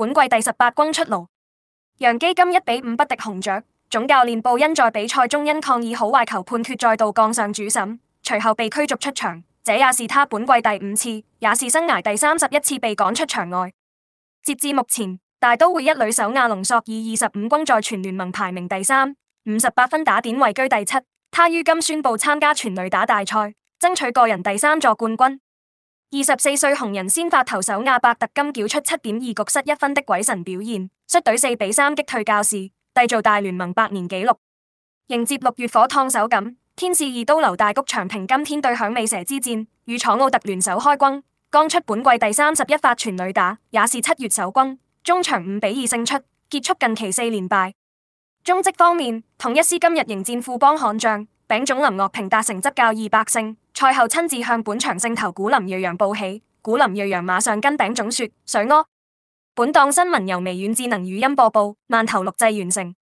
本季第十八轟出爐，洋基今一比五不敵紅雀，總教練布恩在比賽中因抗議好壞球判決再度槓上主審，隨後被驅逐出場。這也是他本季第五次，也是生涯第三十一次被趕出場外。截至目前，大都會一壘手亞龍索以二十五轟在全聯盟排名第三，五十八分打點位居第七。他於今宣布參加全壘打大賽，爭取個人第三座冠軍。二十四歲紅人先發投手亞伯特金繳出七點二局失一分的鬼神表現，率隊四比三擊退教士，締造大聯盟百年紀錄。迎接六月火燙手感，天使二刀流大谷翔平今天對響尾蛇之戰，與楚奧特聯手開轟，剛出本季第三十一發全壘打，也是七月首轟，終場五比二勝出，結束近期四連敗。中職方面，統一獅今日迎戰富邦悍將，平總林岳平達成執教二百勝。賽後親自向本場勝投古林銳揚報喜，古林銳揚馬上跟頂總說：水哦。本檔新聞由微軟智能語音播報，慢頭錄製完成。